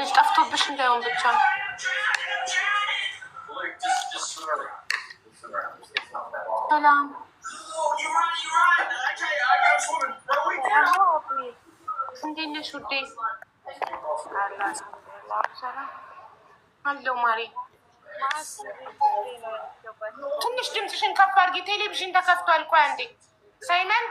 ልጅ ጠፍቶብሽ እንዳይሆን ብቻ ሰላም እንዴት ነሽ ውዴ? አለሁ ማሬ። ትንሽ ድምፅሽን ከፍ አድርጊ። ቴሌቪዥን ተከፍቷል። ቆይ አንዴ ሳይመን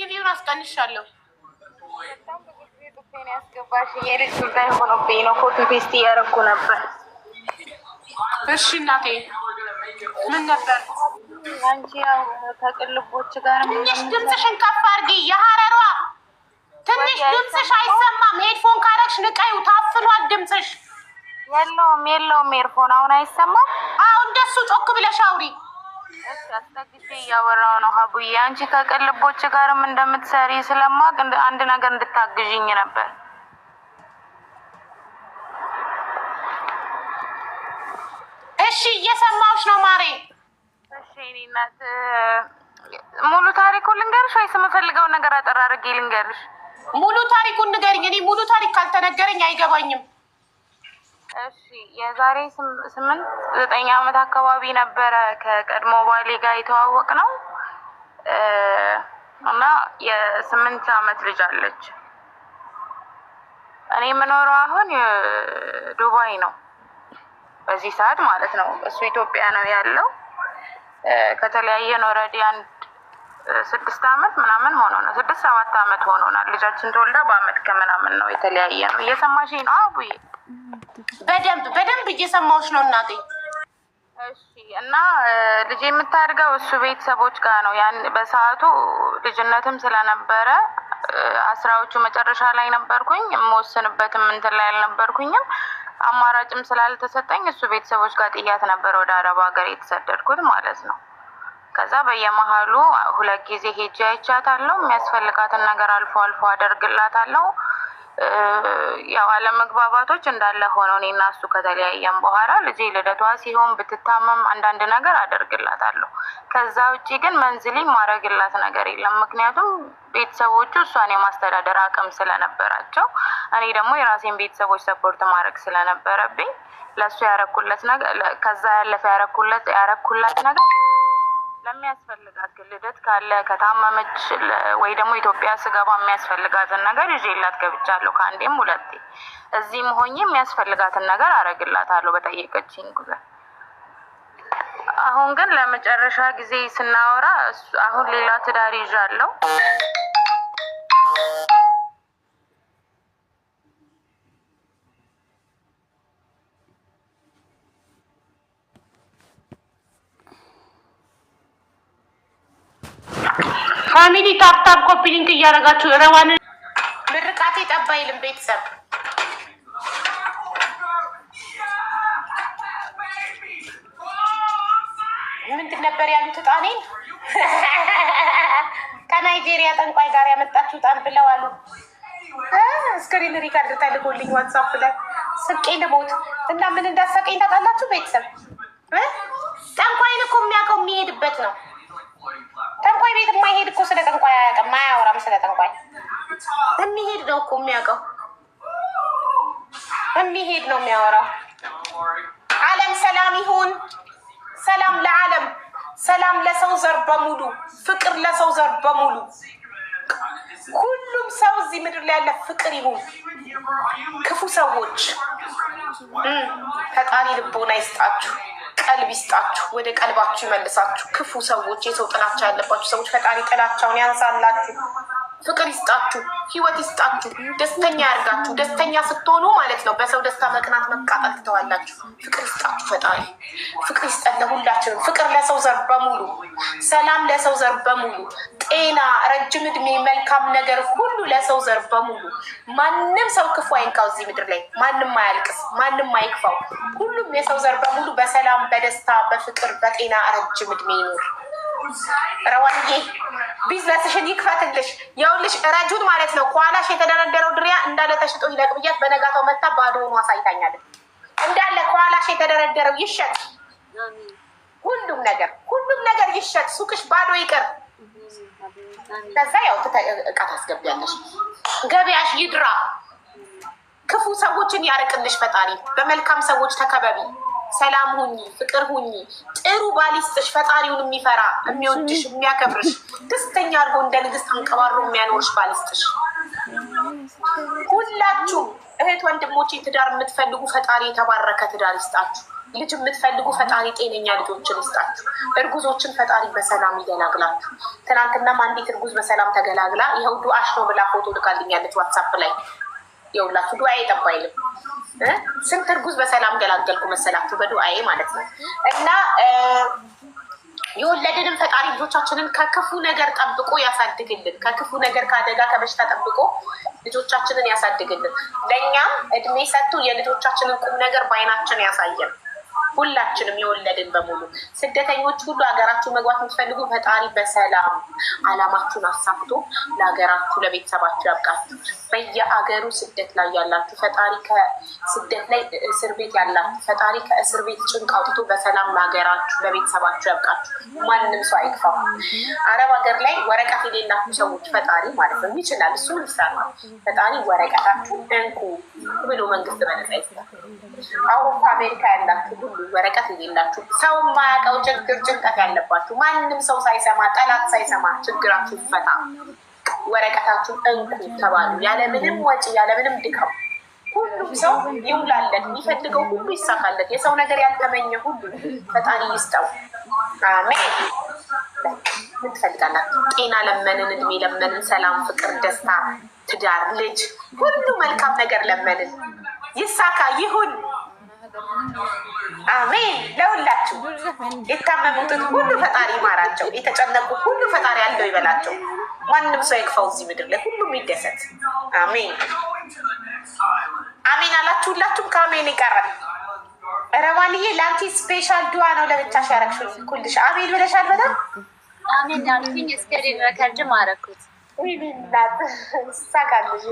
ቲቪውን አስቀንሻለሁ። ያስገባሽ የልጅ ጉዳይ ሆኖብኝ ነው። እሺ እናቴ ምን ነበር? አንቺ ያው ከቅልቦች ጋር ትንሽ ድምፅሽን ከፍ አድርጊ። የሀረሯ ትንሽ ድምፅሽ አይሰማም። ሄድፎን ካረግሽ ንቀዩ፣ ታፍኗል ድምፅሽ። የለውም የለውም፣ ሄድፎን አሁን አይሰማም። እንደሱ ጮክ ብለሽ አውሪ አስጠግቼ እያወራሁ ነው ሀቡዬ። አንቺ ከቅልቦች ጋርም እንደምትሰሪ ስለማቅ አንድ ነገር እንድታግዥኝ ነበር። እሺ፣ እየሰማሁሽ ነው ማሬ። እሺ፣ እኔ እናት ሙሉ ታሪኩ ልንገርሽ ወይስ የምፈልገውን ነገር አጠራርጌ ልንገርሽ? ሙሉ ታሪኩን ንገሪኝ። እኔ ሙሉ ታሪክ ካልተነገረኝ አይገባኝም። እሺ የዛሬ ስምንት ዘጠኝ አመት አካባቢ ነበረ ከቀድሞ ባሌ ጋር የተዋወቅ ነው እና የስምንት አመት ልጅ አለች። እኔ የምኖረው አሁን ዱባይ ነው፣ በዚህ ሰዓት ማለት ነው። እሱ ኢትዮጵያ ነው ያለው። ከተለያየን ኦልሬዲ አንድ ስድስት አመት ምናምን ሆኖ ነው ስድስት ሰባት ዓመት ሆኖናል። ልጃችን ተወልዳ በአመት ከምናምን ነው የተለያየ ነው። እየሰማሽ ነው አቡዬ? በደንብ በደንብ እየሰማዎች ነው እናቴ። እሺ እና ልጅ የምታድገው እሱ ቤተሰቦች ጋር ነው። ያን በሰዓቱ ልጅነትም ስለነበረ አስራዎቹ መጨረሻ ላይ ነበርኩኝ። የምወስንበትም እንትን ላይ አልነበርኩኝም። አማራጭም ስላልተሰጠኝ እሱ ቤተሰቦች ጋር ጥያት ነበር ወደ አረብ ሀገር የተሰደድኩት ማለት ነው። ከዛ በየመሀሉ ሁለት ጊዜ ሄጄ አይቻታለሁ። የሚያስፈልጋትን ነገር አልፎ አልፎ አደርግላታለሁ። ያው አለመግባባቶች እንዳለ ሆነው እኔ እና እሱ ከተለያየም በኋላ ልጄ ልደቷ ሲሆን ብትታመም አንዳንድ ነገር አደርግላታለሁ። ከዛ ውጭ ግን መንዝሊ ማድረግላት ነገር የለም። ምክንያቱም ቤተሰቦቹ እሷን የማስተዳደር አቅም ስለነበራቸው፣ እኔ ደግሞ የራሴን ቤተሰቦች ሰፖርት ማድረግ ስለነበረብኝ ለእሱ ያረኩለት ነገር ከዛ ያለፈ ያረኩለት ያረኩላት ነገር ለሚያስፈልጋት ግልደት ልደት ካለ ከታመመች ወይ ደግሞ ኢትዮጵያ ስገባ የሚያስፈልጋትን ነገር ይዤላት ገብቻለሁ። ከአንዴም ሁለቴ እዚህም ሆኜ የሚያስፈልጋትን ነገር አረግላታለሁ በጠየቀችኝ ጊዜ። አሁን ግን ለመጨረሻ ጊዜ ስናወራ አሁን ሌላ ትዳር ይዣለሁ። ታፕታፕ ኮፒ ሊንክ እያደረጋችሁ ረዋን ምርቃቴ ጠባ ይልም ቤተሰብ ምንድን ነበር ያሉት? እጣኔን ከናይጄሪያ ጠንቋይ ጋር ያመጣችሁ እጣን ብለው አሉ። እስክሪን ሪካርድ ተልጎልኝ ዋትሳፕ ላይ ስቄ ልሞት እና ምን እንዳሰቀኝ ታውቃላችሁ ቤተሰብ። ጠንቋይን እኮ የሚያውቀው የሚሄድበት ነው ጠንቋይ ቤት የማይሄድ እኮ ስለ ጠንቋይ አያውቅም፣ አያወራም ስለ ጠንቋይ። የሚሄድ ነው እኮ የሚያውቀው፣ የሚሄድ ነው የሚያወራው። ዓለም ሰላም ይሁን። ሰላም ለዓለም፣ ሰላም ለሰው ዘር በሙሉ፣ ፍቅር ለሰው ዘር በሙሉ። ሁሉም ሰው እዚህ ምድር ላይ ያለ ፍቅር ይሁን። ክፉ ሰዎች ፈጣሪ ልቦና ይስጣችሁ። ቀልብ ይስጣችሁ፣ ወደ ቀልባችሁ ይመልሳችሁ። ክፉ ሰዎች፣ የሰው ጥላቻ ያለባችሁ ሰዎች ፈጣሪ ጥላቻውን ያንሳላችሁ፣ ፍቅር ይስጣችሁ፣ ህይወት ይስጣችሁ፣ ደስተኛ ያርጋችሁ። ደስተኛ ስትሆኑ ማለት ነው በሰው ደስታ መቅናት መቃጠል ትተዋላችሁ። ፍቅር ይስጣችሁ ፈጣሪ፣ ፍቅር ይስጠን ለሁላችንም። ፍቅር ለሰው ዘር በሙሉ፣ ሰላም ለሰው ዘር በሙሉ ጤና፣ ረጅም እድሜ፣ መልካም ነገር ሁሉ ለሰው ዘር በሙሉ ማንም ሰው ክፉ አይንካው። እዚህ ምድር ላይ ማንም አያልቅስ፣ ማንም አይክፋው። ሁሉም የሰው ዘር በሙሉ በሰላም በደስታ በፍቅር በጤና ረጅም እድሜ ይኖር። ረዋንዬ ቢዝነስሽን ይክፈትልሽ። የውልሽ ረጁን ማለት ነው ከኋላሽ የተደረደረው ድሪያ እንዳለ ተሽጦ ይለቅ ብያት በነጋታው መታ ባዶ ሆኖ አሳይታኛለች። እንዳለ ከኋላሽ የተደረደረው ይሸጥ፣ ሁሉም ነገር ሁሉም ነገር ይሸጥ። ሱቅሽ ባዶ ይቅር። ከዛ ያው እቃ ታስገቢያለሽ። ገበያሽ ይድራ። ክፉ ሰዎችን ያርቅልሽ ፈጣሪ። በመልካም ሰዎች ተከበቢ። ሰላም ሁኚ፣ ፍቅር ሁኚ። ጥሩ ባል ይስጥሽ፣ ፈጣሪውን የሚፈራ የሚወድሽ፣ የሚያከብርሽ ደስተኛ አድርጎ እንደ ንግስት አንቀባሮ የሚያኖርሽ ባል ይስጥሽ። ሁላችሁም እህት ወንድሞቼ፣ ትዳር የምትፈልጉ ፈጣሪ የተባረከ ትዳር ይስጣችሁ። ልጅ የምትፈልጉ ፈጣሪ ጤነኛ ልጆችን ይስጣችሁ። እርጉዞችን ፈጣሪ በሰላም ይገላግላችሁ። ትናንትናም አንዲት እርጉዝ በሰላም ተገላግላ ይኸው ዱአሽ ነው ብላ ፎቶ ልካልኛለች ዋትሳፕ ላይ የውላችሁ ዱአዬ ጠባይልም። ስንት እርጉዝ በሰላም ገላገልኩ መሰላችሁ በዱአዬ ማለት ነው። እና የወለድንም ፈጣሪ ልጆቻችንን ከክፉ ነገር ጠብቆ ያሳድግልን። ከክፉ ነገር፣ ከአደጋ፣ ከበሽታ ጠብቆ ልጆቻችንን ያሳድግልን። ለእኛም እድሜ ሰጥቶ የልጆቻችንን ቁም ነገር በአይናችን ያሳየን። ሁላችንም የወለድን በሙሉ ስደተኞች ሁሉ ሀገራችሁ መግባት የምትፈልጉ ፈጣሪ በሰላም አላማችሁን አሳክቶ ለሀገራችሁ ለቤተሰባችሁ ያብቃችሁ። በየአገሩ ስደት ላይ ያላችሁ ፈጣሪ ከስደት ላይ እስር ቤት ያላችሁ ፈጣሪ ከእስር ቤት ጭንቅ አውጥቶ በሰላም ለሀገራችሁ ለቤተሰባችሁ ያብቃችሁ። ማንም ሰው አይግፋው። አረብ ሀገር ላይ ወረቀት የሌላችሁ ሰዎች ፈጣሪ ማለት ነው ይችላል፣ እሱ ይሰራል። ፈጣሪ ወረቀታችሁ እንኩ ብሎ መንግስት በነጻ ይስጣል። አውሮፓ አሜሪካ ያላችሁ ሁሉ ወረቀት ይዤላችሁ ሰው ማያውቀው ችግር ጭንቀት ያለባችሁ ማንም ሰው ሳይሰማ ጠላት ሳይሰማ ችግራችሁ ይፈታ ወረቀታችሁ እንቁ ተባሉ። ያለምንም ወጪ ያለምንም ድካም ሁሉም ሰው ይውላለት፣ የሚፈልገው ሁሉ ይሳካለት። የሰው ነገር ያልተመኘ ሁሉ ፈጣሪ ይስጠው። አሜን። ምትፈልጋላችሁ ጤና ለመንን፣ እድሜ ለመንን፣ ሰላም፣ ፍቅር፣ ደስታ፣ ትዳር፣ ልጅ ሁሉ መልካም ነገር ለመንን። ይሳካ ይሁን። አሜን። ለሁላችሁ የታመሙትን ሁሉ ፈጣሪ ይማራቸው። የተጨነቁ ሁሉ ፈጣሪ ያለው ይበላቸው። ማንም ሰው ይክፋው እዚህ ምድር ላይ ሁሉም ይደሰት። አሜን አሜን አላችሁ። ሁላችሁም ከአሜን ይቀራል። ረማንዬ ለአንቺ ስፔሻል ድዋ ነው ለብቻሽ ያረግሽው። ኩልሽ አሜን ብለሻል። በጣም አሜን አልኩኝ። እስከ ሪከርድም አረኩት ወይኔ ያድግልሽ፣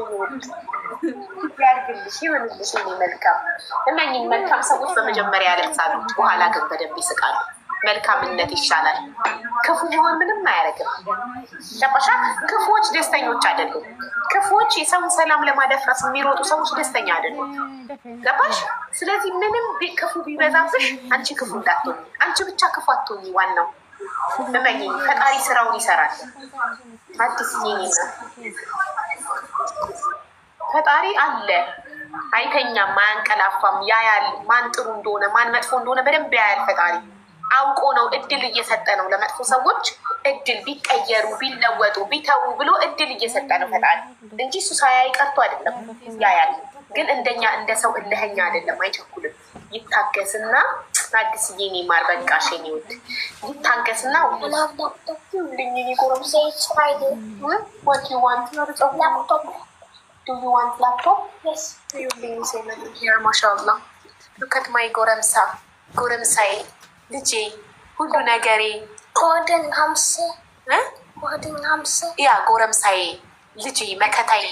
ይሁንልሽ። መልካም እመኝን። መልካም ሰዎች በመጀመሪያ ያለቅሳሉ፣ በኋላ ግን በደንብ ይስቃሉ። መልካምነት ይሻላል። ክፉ ቢሆን ምንም አያደርግም። ጨቆሻ ክፉዎች ደስተኞች አይደሉም። ክፉዎች የሰውን ሰላም ለማደፍረስ የሚሮጡ ሰዎች ደስተኛ አይደሉም። ገባሽ? ስለዚህ ምንም ክፉ ቢበዛብሽ አንቺ ክፉ እንዳትሆኝ፣ አንቺ ብቻ ክፉ አትሆኝ ዋናው እመኝኝ ፈጣሪ ስራውን ይሰራል። አዲስ ዜና ፈጣሪ አለ፣ አይተኛም፣ አያንቀላፋም። ያያል ማን ጥሩ እንደሆነ ማን መጥፎ እንደሆነ በደንብ ያያል ፈጣሪ። አውቆ ነው እድል እየሰጠ ነው ለመጥፎ ሰዎች እድል ቢቀየሩ ቢለወጡ ቢተዉ ብሎ እድል እየሰጠ ነው ፈጣሪ እንጂ እሱ ሳያይ ቀርቶ አይደለም። ያያል ግን እንደኛ እንደ ሰው እልኸኛ አይደለም፣ አይቸኩልም። ይታገስና ታግስ እኔ ማር በቃሽ የእኔ ውድ ና ማሻላ ማይ ጎረምሳ ጎረምሳይ ልጄ ሁሉ ነገሬ ጎድን ሀምስ ጎድን ሀምስ ያ ጎረምሳዬ ልጄ መከታዬ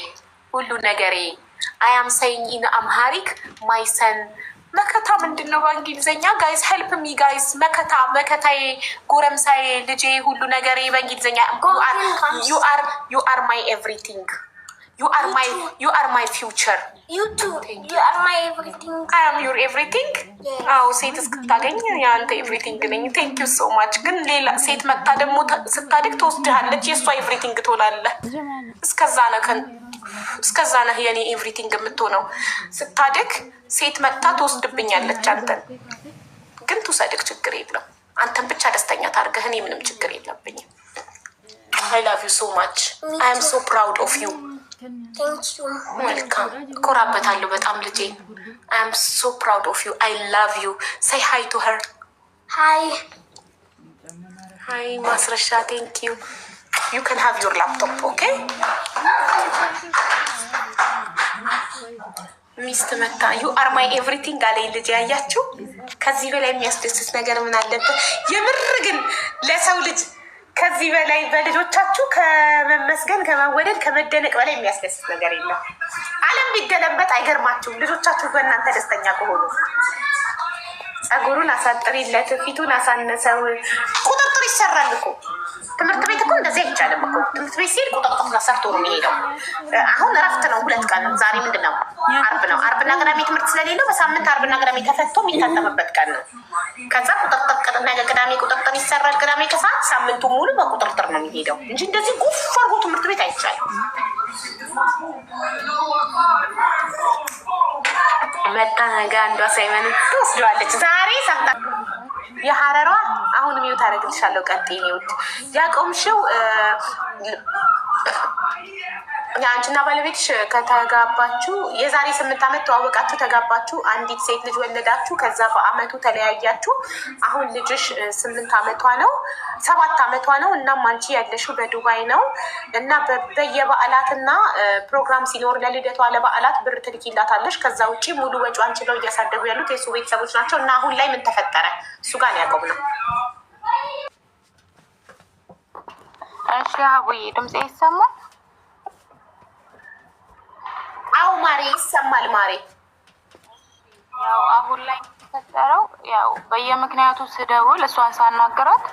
ሁሉ ነገሬ አያምሳይኝ ኢን አምሃሪክ ማይሰን መከታ ምንድን ነው በእንግሊዝኛ? ጋይስ ሄልፕ ሚ ጋይስ። መከታ መከታዬ፣ ጎረምሳዬ፣ ልጄ፣ ሁሉ ነገር በእንግሊዝኛ ዩ አር ማይ ኤቭሪቲንግ ዩ አር ማይ ፊውቸር ዩር ኤቭሪቲንግ። አዎ ሴት እስክታገኝ የአንተ ኤቭሪቲንግ ነኝ። ቴንክ ዩ ሶ ማች። ግን ሌላ ሴት መታ ደግሞ ስታድግ ትወስድሃለች። የእሷ ኤቭሪቲንግ ትሆናለህ። እስከዛ ነው እስከዛ ነህ የኔ ኤቭሪቲንግ የምትሆነው። ስታደግ ሴት መጥታ ትወስድብኛለች። አንተን ግን ትውሰድቅ ችግር የለም። አንተን ብቻ ደስተኛ ታርገህ፣ እኔ ምንም ችግር የለብኝም። አይ ላቭ ዩ ሶ ማች አይ አም ሶ ፕራውድ ኦፍ ዩ። መልካም እኮራበታለሁ በጣም ልጄ። አይ አም ሶ ፕራውድ ኦፍ ዩ አይ ላቭ ዩ ሳይ ሀይ ቱ ሀር ሀይ ሀይ ማስረሻ ቴንክ ዩ ዩ ካን ሀቭ ዩር ላፕቶፕ ኦኬ ሚስት መታ ዩ አር ማይ ኤቭሪቲንግ አለኝ። ልጅ ያያችሁ ከዚህ በላይ የሚያስደስት ነገር ምን አለበት? የምር ግን ለሰው ልጅ ከዚህ በላይ በልጆቻችሁ ከመመስገን ከመወደድ ከመደነቅ በላይ የሚያስደስት ነገር የለም። ዓለም ቢገለበጥ አይገርማችሁም፣ ልጆቻችሁ በእናንተ ደስተኛ ከሆኑ። ፀጉሩን አሳጥሪለት፣ ፊቱን አሳነሰው፣ ቁጥርጥር ይሰራል እኮ ትምህርት ቤት እንደዚህ አይቻልም እኮ ትምህርት ቤት ሲሄድ ቁጥቅጥም ሰርቶ ነው የሚሄደው። አሁን እረፍት ነው፣ ሁለት ቀን ዛሬ ምንድን ነው? አርብ ነው። አርብና ቅዳሜ ትምህርት ስለሌለው በሳምንት አርብና ቅዳሜ ተፈቶ የሚታጠምበት ቀን ነው። ከዛ ቁጥርጥር ነገ ቅዳሜ ቁጥርጥር ይሰራል። ቅዳሜ ከሰዓት ሳምንቱ ሙሉ በቁጥርጥር ነው የሚሄደው እንጂ እንደዚህ ጉፍ አድርጎ ትምህርት ቤት አይቻልም። መታ ነገ አንዷ ሳይመን ትወስደዋለች። ዛሬ ሰምታ የሀረሯ አሁን ሚውት አደረግልሻለሁ። ቀጥይ ሚዩት ያቆምሽው። አንቺና ባለቤትሽ ከተጋባችሁ የዛሬ ስምንት ዓመት ተዋወቃችሁ፣ ተጋባችሁ፣ አንዲት ሴት ልጅ ወለዳችሁ። ከዛ በአመቱ ተለያያችሁ። አሁን ልጅሽ ስምንት ዓመቷ ነው ሰባት ዓመቷ ነው። እናም አንቺ ያለሽው በዱባይ ነው እና በየበዓላት ፕሮግራም ሲኖር ለልደቷ ለበዓላት ብር ትልኪላታለሽ። ከዛ ውጭ ሙሉ ወጪ አንችለው እያሳደጉ ያሉት የሱ ቤተሰቦች ናቸው። እና አሁን ላይ ምን ተፈጠረ? እሱ ጋር ያቆም ነው ሀቡዬ ድምጽ ይሰማል? አው ማሬ ይሰማል። ማሬ ያው አሁን ላይ የተፈጠረው ያው በየምክንያቱ ስደውል እሷን ሳናግራት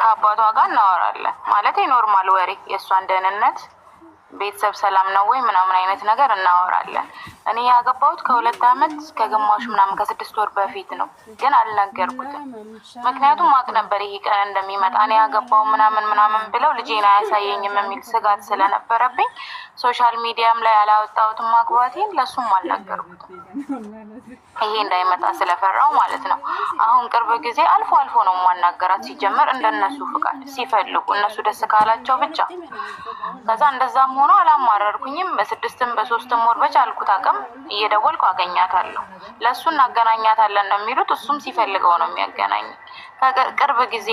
ከአባቷ ጋር እናወራለን ማለት ኖርማል ወሬ የእሷን ደህንነት ቤተሰብ ሰላም ነው ወይ ምናምን አይነት ነገር እናወራለን። እኔ ያገባሁት ከሁለት አመት ከግማሹ ምናምን ከስድስት ወር በፊት ነው፣ ግን አልነገርኩትም። ምክንያቱም ማቅ ነበር ይሄ ቀን እንደሚመጣ እኔ ያገባው ምናምን ምናምን ብለው ልጄን አያሳየኝም የሚል ስጋት ስለነበረብኝ ሶሻል ሚዲያም ላይ አላወጣሁትም። ማግባቴን ለሱም አልነገርኩትም፣ ይሄ እንዳይመጣ ስለፈራው ማለት ነው። አሁን ቅርብ ጊዜ አልፎ አልፎ ነው ማናገራት ሲጀምር እንደነሱ ፍቃድ ሲፈልጉ እነሱ ደስ ካላቸው ብቻ ከዛ እንደዛም ሆኖ አላማረርኩኝም። በስድስትም በሶስትም ወር በቻልኩት አቅም እየደወልኩ አገኛታለሁ። ለእሱ እናገናኛታለን ነው የሚሉት። እሱም ሲፈልገው ነው የሚያገናኝ። ከቅርብ ጊዜ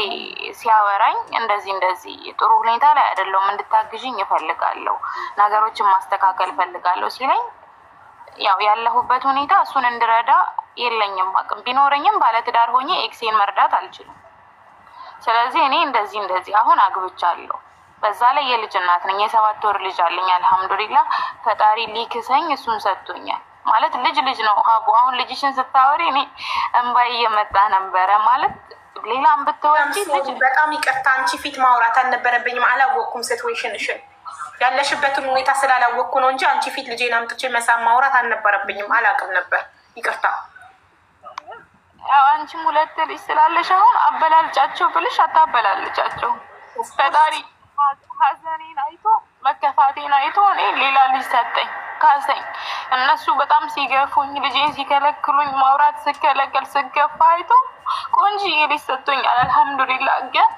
ሲያወራኝ እንደዚህ እንደዚህ ጥሩ ሁኔታ ላይ አይደለሁም፣ እንድታግዥኝ እፈልጋለሁ፣ ነገሮችን ማስተካከል እፈልጋለሁ ሲለኝ ያው ያለሁበት ሁኔታ እሱን እንድረዳ የለኝም አቅም ቢኖረኝም ባለትዳር ሆኜ ኤክሴን መርዳት አልችልም። ስለዚህ እኔ እንደዚህ እንደዚህ አሁን አግብቻለሁ በዛ ላይ የልጅ እናት ነኝ። የሰባት ወር ልጅ አለኝ። አልሐምዱሊላ ፈጣሪ ሊክሰኝ እሱን ሰጥቶኛል። ማለት ልጅ ልጅ ነው ሀቡ። አሁን ልጅሽን ስታወሪ እኔ እንባይ እየመጣ ነበረ ማለት ሌላም ብትወጪ ልጅ በጣም ይቅርታ፣ አንቺ ፊት ማውራት አልነበረብኝም። አላወቅኩም ሲትዌሽንሽን ያለሽበትን ሁኔታ ስላላወቅኩ ነው እንጂ አንቺ ፊት ልጄን አምጥቼ መሳም ማውራት አልነበረብኝም። አላውቅም ነበር፣ ይቅርታ። አንቺም ሁለት ልጅ ስላለሽ አሁን አበላልጫቸው ብልሽ አታበላልጫቸው ፈጣሪ ሀዘኔን አይቶ መከፋቴን አይቶ እኔ ሌላ ልጅ ሰጠኝ ካሰኝ እነሱ በጣም ሲገፉኝ ልጄን ሲከለክሉኝ ማውራት ስከለከል ስገፋ አይቶ ቆንጅዬ ልጅ ሰጥቶኛል። አልሐምዱሊላ ግን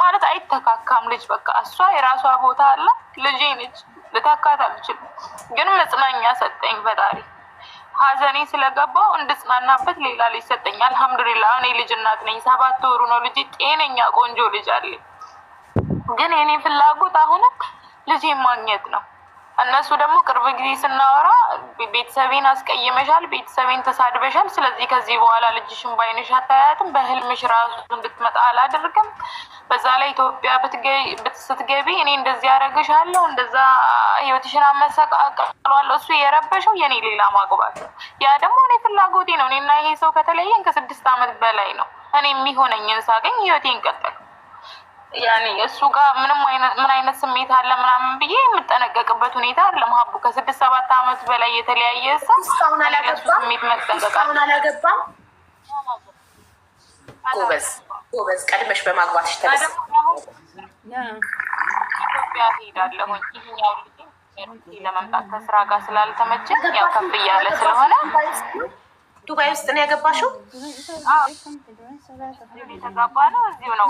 ማለት አይተካካም። ልጅ በቃ እሷ የራሷ ቦታ አለ። ልጄ ነች፣ ልተካት አልችልም። ግን መጽናኛ ሰጠኝ ፈጣሪ። ሀዘኔ ስለገባው እንድጽናናበት ሌላ ልጅ ሰጠኝ። አልሐምዱሊላ እኔ ልጅ እናት ነኝ። ሰባት ወሩ ነው ልጅ። ጤነኛ ቆንጆ ልጅ አለኝ። ግን የኔ ፍላጎት አሁንም ልጅ ማግኘት ነው። እነሱ ደግሞ ቅርብ ጊዜ ስናወራ ቤተሰቤን አስቀይመሻል፣ ቤተሰቤን ተሳድበሻል፣ ስለዚህ ከዚህ በኋላ ልጅሽን ባይንሽ አታያትም፣ በህልምሽ ራሱ እንድትመጣ አላደርግም። በዛ ላይ ኢትዮጵያ ስትገቢ እኔ እንደዚህ ያደረግሻለሁ፣ እንደዛ ህይወትሽን አመሰቃቀሏለሁ። እሱ የረበሸው የኔ ሌላ ማግባት ነው። ያ ደግሞ እኔ ፍላጎቴ ነው። እኔና ይሄ ሰው ከተለየን ከስድስት አመት በላይ ነው። እኔ የሚሆነኝን ሳገኝ ህይወቴ ይንቀጠል ያኔ እሱ ጋር ምንም ምን አይነት ስሜት አለ ምናምን ብዬ የምጠነቀቅበት ሁኔታ አለ። ሀቡ ከስድስት ሰባት አመት በላይ የተለያየ ሰው ስሜት መጠንቀቃሁን አላገባም። ጎበዝ ጎበዝ፣ ቀድመሽ በማግባትሽ ተደስ ኢትዮጵያ ሄዳለሁኝ። ይህኛው ለመምጣት ከስራ ጋር ስላልተመቸኝ ያው ከፍ እያለ ስለሆነ ዱባይ ውስጥ ነው ያገባሽው?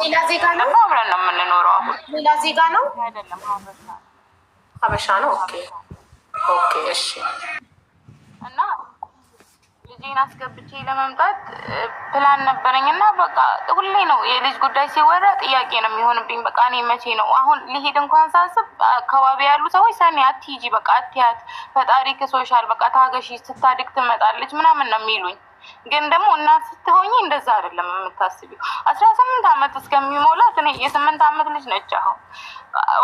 ሌላ ዜጋ ነው። አብረን ነው የምንኖረው። አሁን ሌላ ዜጋ ነው ሀበሻ ነው። ኦኬ ኦኬ፣ እሺ እና ልጄን አስገብቼ ለመምጣት ፕላን ነበረኝ እና በቃ ሁሌ ነው የልጅ ጉዳይ ሲወራ ጥያቄ ነው የሚሆንብኝ። በቃ እኔ መቼ ነው አሁን ሊሄድ እንኳን ሳስብ አካባቢ ያሉ ሰዎች ሰኔ አትሂጂ፣ በቃ አትያት፣ ፈጣሪ ክሶሻል፣ በቃ ታገሺ፣ ስታድግ ትመጣለች ምናምን ነው የሚሉኝ። ግን ደግሞ እናት ስትሆኝ እንደዛ አይደለም የምታስቢው። አስራ ስምንት ዓመት እስከሚሞላት እኔ የስምንት ዓመት ልጅ ነች። አሁን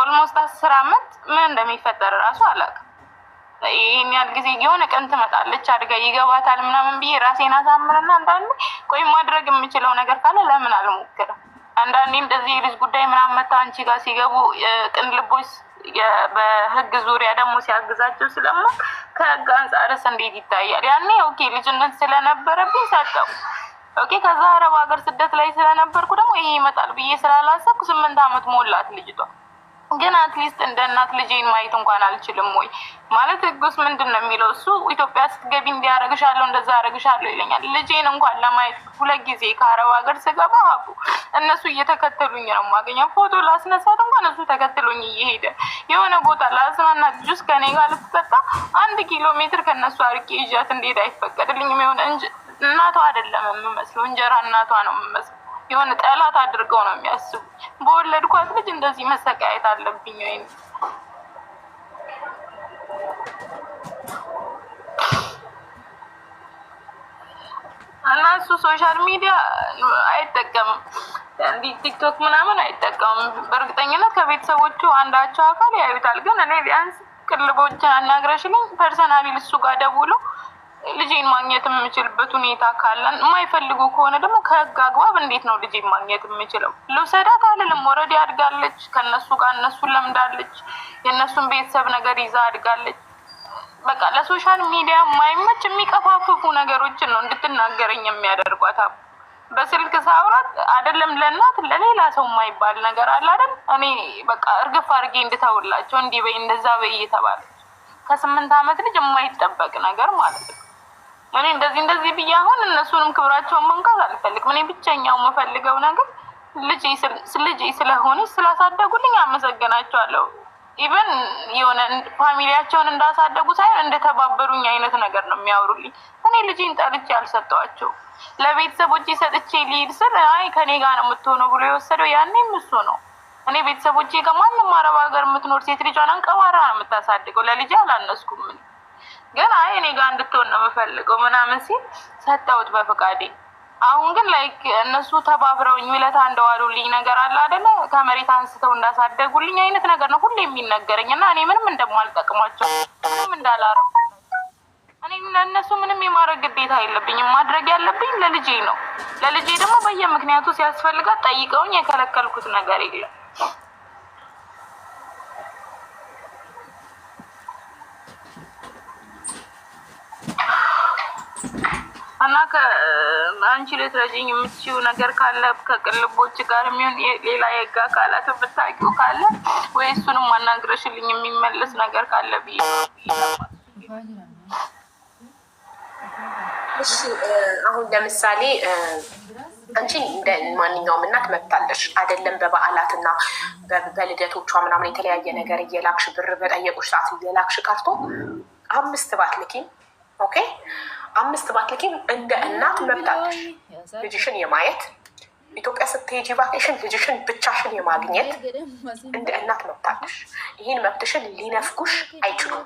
ኦልሞስት አስር አመት ምን እንደሚፈጠር እራሱ አላውቅም። ይህን ያህል ጊዜ የሆነ ቀን ትመጣለች አድጋ ይገባታል ምናምን ብዬ ራሴን አሳምርና አንዳንዴ ቆይ ማድረግ የምችለው ነገር ካለ ለምን አልሞክርም? አንዳንዴ እንደዚህ የልጅ ጉዳይ ምናምን መታ አንቺ ጋር ሲገቡ ቅን ልቦች በህግ ዙሪያ ደግሞ ሲያግዛቸው ስለሞ ከህግ አንጻርስ እንዴት ይታያል? ያኔ ኦኬ ልጅነት ስለነበረብኝ ሰጠው። ኦኬ ከዛ አረብ ሀገር ስደት ላይ ስለነበርኩ ደግሞ ይሄ ይመጣል ብዬ ስላላሰብኩ ስምንት ዓመት ሞላት ልጅቷ። ግን አትሊስት እንደ እናት ልጄን ማየት እንኳን አልችልም ወይ ማለት ህጉስ ምንድን ነው የሚለው? እሱ ኢትዮጵያ ስትገቢ እንዲያረግሻለሁ እንደዛ ያረግሻለሁ ይለኛል። ልጄን እንኳን ለማየት ሁለት ጊዜ ከአረብ ሀገር ስገባ አቡ እነሱ እየተከተሉኝ ነው የማገኘው። ፎቶ ላስነሳት እንኳን እሱ ተከትሎኝ እየሄደ የሆነ ቦታ ላስማና ጁስ ከኔ ጋር ልትጠጣ አንድ ኪሎ ሜትር ከእነሱ አርቄ ይዣት እንዴት አይፈቀድልኝም? የሆነ እናቷ አይደለም የምመስለው እንጀራ እናቷ ነው የምመስለው የሆነ ጠላት አድርገው ነው የሚያስቡ። በወለድኳት ልጅ እንደዚህ መሰቃየት አለብኝ ወይም እና እሱ ሶሻል ሚዲያ አይጠቀምም፣ እንዲህ ቲክቶክ ምናምን አይጠቀምም። በእርግጠኝነት ከቤተሰቦቹ አንዳቸው አካል ያዩታል። ግን እኔ ቢያንስ ቅልቦችን አናግረሽልኝ ፐርሰናሊ ልሱ ጋር ልጄን ማግኘት የምችልበት ሁኔታ ካለን፣ የማይፈልጉ ከሆነ ደግሞ ከህግ አግባብ እንዴት ነው ልጄን ማግኘት የምችለው? ልውሰዳት አልልም። ወረድ አድጋለች። ከነሱ ጋር እነሱን ለምዳለች። የእነሱን ቤተሰብ ነገር ይዛ አድጋለች። በቃ ለሶሻል ሚዲያ የማይመች የሚቀፋፍፉ ነገሮችን ነው እንድትናገረኝ የሚያደርጓት። በስልክ ሳውራት አይደለም ለእናት ለሌላ ሰው የማይባል ነገር አለ አይደል? እኔ በቃ እርግፍ አድርጌ እንድተውላቸው እንዲህ በይ እንደዛ በይ እየተባለች ከስምንት አመት ልጅ የማይጠበቅ ነገር ማለት ነው። እኔ እንደዚህ እንደዚህ ብዬ አሁን እነሱንም ክብራቸውን መንካት አልፈልግም። እኔ ብቸኛው የምፈልገው ነገር ልጅ ስለሆነ ስላሳደጉልኝ አመሰግናቸዋለሁ። ኢቨን የሆነ ፋሚሊያቸውን እንዳሳደጉ ሳይሆን እንደተባበሩኝ አይነት ነገር ነው የሚያወሩልኝ። እኔ ልጅን ጠልቼ አልሰጠዋቸው። ለቤተሰቦቼ ሰጥቼ ሊሄድ ስል አይ ከኔ ጋር ነው የምትሆነው ብሎ የወሰደው ያኔም እሱ ነው። እኔ ቤተሰቦቼ ከማንም አረብ ሀገር የምትኖር ሴት ልጇን አንቀባራ ነው የምታሳድገው። ለልጅ አላነስኩም። ግን አይ እኔ ጋር እንድትሆን ነው የምፈልገው ምናምን ሲል ሰጠሁት በፈቃዴ። አሁን ግን ላይክ እነሱ ተባብረውኝ ውለታ እንደዋሉልኝ ነገር አለ አደለ? ከመሬት አንስተው እንዳሳደጉልኝ አይነት ነገር ነው ሁሌ የሚነገረኝ እና እኔ ምንም እንደማልጠቅሟቸው ምንም እንዳላረ እኔ እነሱ ምንም የማድረግ ግዴታ የለብኝም። ማድረግ ያለብኝ ለልጄ ነው። ለልጄ ደግሞ በየምክንያቱ ሲያስፈልጋት ጠይቀውኝ የከለከልኩት ነገር የለም። እና አንቺ ልትረጂኝ የምትችው ነገር ካለ ከቅልቦች ጋር የሚሆን ሌላ የህግ አካላት ብታውቂው ካለ ወይ እሱንም አናግረሽልኝ የሚመለስ ነገር ካለ ብዬ እሺ አሁን ለምሳሌ አንቺ እንደ ማንኛውም እናት መብታለሽ አይደለም። በበዓላትና በልደቶቿ ምናምን የተለያየ ነገር እየላክሽ ብር በጠየቁሽ ሰዓት እየላክሽ ቀርቶ አምስት ባት ልኪ ኦኬ አምስት ባትልኪም እንደ እናት መብታለሽ ልጅሽን የማየት ኢትዮጵያ ስትሄጂ ቫኬሽን ልጅሽን ብቻሽን የማግኘት እንደ እናት መብታለሽ። ይህን መብትሽን ሊነፍጉሽ አይችሉም።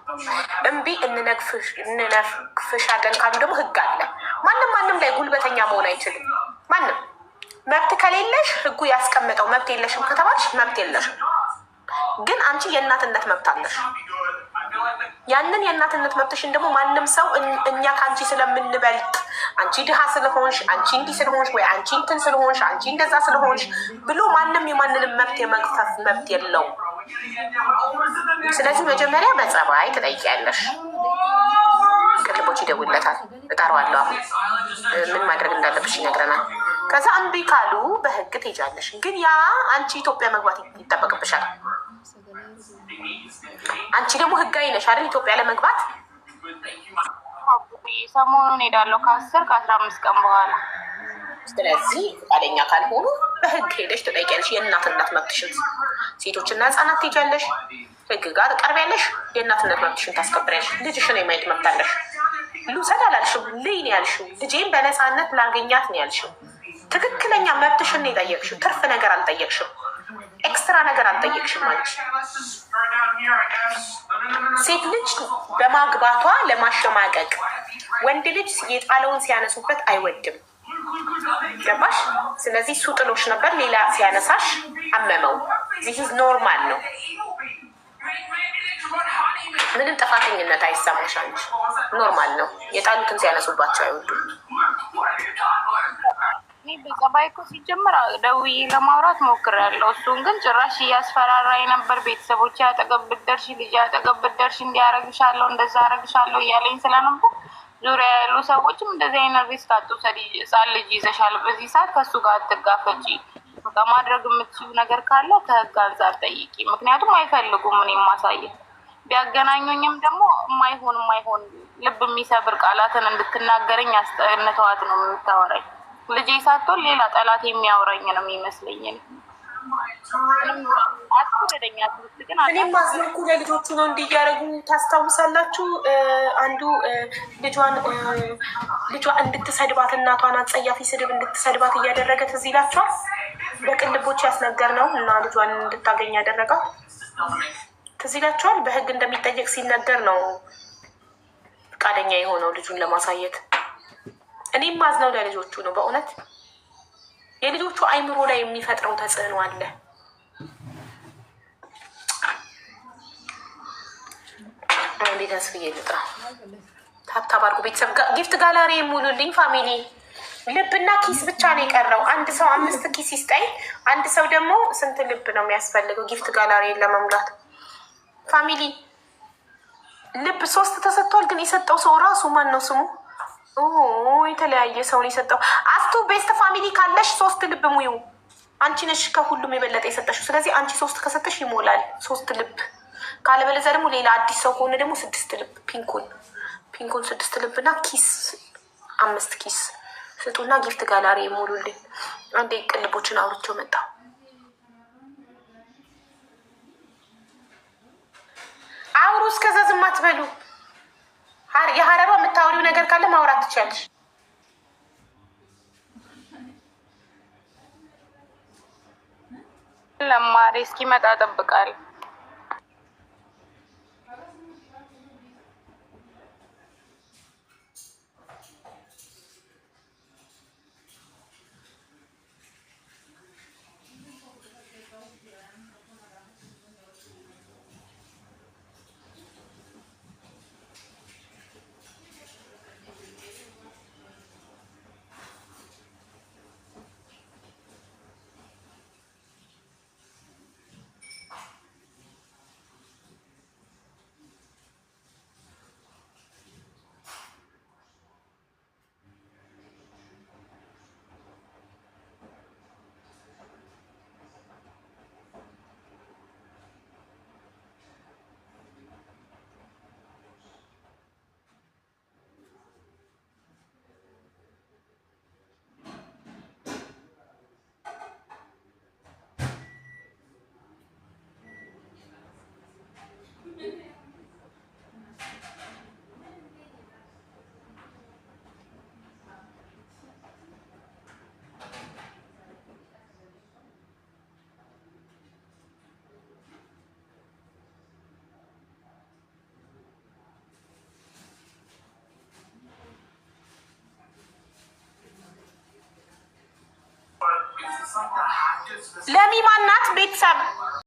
እምቢ እንነፍግሻለን ካሉ ደግሞ ህግ አለ። ማንም ማንም ላይ ጉልበተኛ መሆን አይችልም። ማንም መብት ከሌለሽ ህጉ ያስቀመጠው መብት የለሽም ከተባልሽ መብት የለሽም። ግን አንቺ የእናትነት መብት አለሽ። ያንን የእናትነት መብትሽን ደግሞ ማንም ሰው እኛ ከአንቺ ስለምንበልጥ አንቺ ድሃ ስለሆንሽ፣ አንቺ እንዲህ ስለሆንሽ፣ ወይ አንቺ እንትን ስለሆንሽ፣ አንቺ እንደዛ ስለሆንሽ ብሎ ማንም የማንንም መብት የመግፈፍ መብት የለው ስለዚህ መጀመሪያ በጸባይ ትጠይቂያለሽ። ቅልቦች ይደውለታል፣ እጠራዋለሁ። ምን ማድረግ እንዳለብሽ ይነግረናል። ከዛ እምቢ ካሉ በህግ ትሄጃለሽ። ግን ያ አንቺ ኢትዮጵያ መግባት ይጠበቅብሻል። አንቺ ደግሞ ህጋዊ ነሽ አይደል? ኢትዮጵያ ለመግባት ሰሞኑን ሄዳለሁ ከአስር ከአስራ አምስት ቀን በኋላ። ስለዚህ ፈቃደኛ ካልሆኑ በህግ ሄደሽ ትጠይቂያለሽ። የእናትነት መብትሽን ሴቶችና ህጻናት ትሄጃለሽ፣ ህግ ጋር ቀርቢያለሽ፣ የእናትነት መብትሽን ታስከብሪያለሽ። ልጅሽን የማየት መብት አለሽ። ልውሰድ አላልሽም፣ ልይ ነው ያልሽው። ልጄን በነፃነት ላገኛት ነው ያልሽው። ትክክለኛ መብትሽን ነው የጠየቅሽው። ትርፍ ነገር አልጠየቅሽም። ኤክስትራ ነገር አልጠየቅሽም አለች። ሴት ልጅ በማግባቷ ለማሸማቀቅ ወንድ ልጅ የጣለውን ሲያነሱበት አይወድም። ገባሽ? ስለዚህ እሱ ጥሎሽ ነበር፣ ሌላ ሲያነሳሽ አመመው። ይህ ኖርማል ነው። ምንም ጥፋተኝነት አይሰማሽ። ኖርማል ነው። የጣሉትን ሲያነሱባቸው አይወዱም። በጸባይ እኮ ሲጀምር ደውዬ ለማውራት ሞክሬያለሁ። እሱን ግን ጭራሽ እያስፈራራኝ ነበር። ቤተሰቦች አጠገብ ብትደርሺ፣ ልጅ አጠገብ ብትደርሺ እንዲያረግሻለሁ፣ እንደዛ አረግሻለሁ እያለኝ ስለነበር ዙሪያ ያሉ ሰዎችም እንደዚህ አይነት ሪስክ አትውሰድ፣ ሕፃን ልጅ ይዘሻል፣ በዚህ ሰዓት ከእሱ ጋር አትጋፈጪ፣ ከማድረግ ማድረግ የምትችሉ ነገር ካለ ከህግ አንጻር ጠይቂ። ምክንያቱም አይፈልጉም እኔ ማሳየት ቢያገናኙኝም ደግሞ የማይሆን የማይሆን ልብ የሚሰብር ቃላትን እንድትናገረኝ አስጠንተዋት ነው የምታወራኝ ልጄ ሳትሆን ሌላ ጠላት የሚያወራኝ ነው የሚመስለኝ። እኔም አዝንኩ ለልጆቹ ነው እንዲያደረጉ ታስታውሳላችሁ። አንዱ ልጇን ልጇ እንድትሰድባት እናቷን አጸያፊ ስድብ እንድትሰድባት እያደረገ ትዝ ይላችኋል። በቅልቦች ያስነገር ነው እና ልጇን እንድታገኝ ያደረጋት ትዝ ይላችኋል። በህግ እንደሚጠየቅ ሲነገር ነው ፈቃደኛ የሆነው ልጁን ለማሳየት እኔም ማዝነው ለልጆቹ ነው። በእውነት የልጆቹ አይምሮ ላይ የሚፈጥረው ተጽዕኖ አለ። እንዴት ታብታብ አድርጎ ቤተሰብ ጊፍት ጋላሪ የሙሉልኝ ፋሚሊ ልብና ኪስ ብቻ ነው የቀረው። አንድ ሰው አምስት ኪስ ይስጠኝ። አንድ ሰው ደግሞ ስንት ልብ ነው የሚያስፈልገው ጊፍት ጋላሪን ለመሙላት? ፋሚሊ ልብ ሶስት ተሰጥቷል። ግን የሰጠው ሰው ራሱ ማን ነው ስሙ? የተለያየ ሰውን የሰጠው አስቱ ቤስት ፋሚሊ ካለሽ ሶስት ልብ ሙዩ አንቺ ነሽ ከሁሉም የበለጠ የሰጠሽው። ስለዚህ አንቺ ሶስት ከሰጠሽ ይሞላል ሶስት ልብ። ካለበለዚያ ደግሞ ሌላ አዲስ ሰው ከሆነ ደግሞ ስድስት ልብ ፒንኩን ፒንኩን ስድስት ልብ እና ኪስ አምስት ኪስ ስጡና ጊፍት ጋላሪ አንዴ ቅልቦችን አውርቼው መጣ። አውሩ እስከዛ ዝም አትበሉ። የሀረባ የምታወሪው ነገር ካለ ማውራት ትችላለሽ። ለማሪ እስኪመጣ ጠብቃል። ለሚማናት ቤተሰብ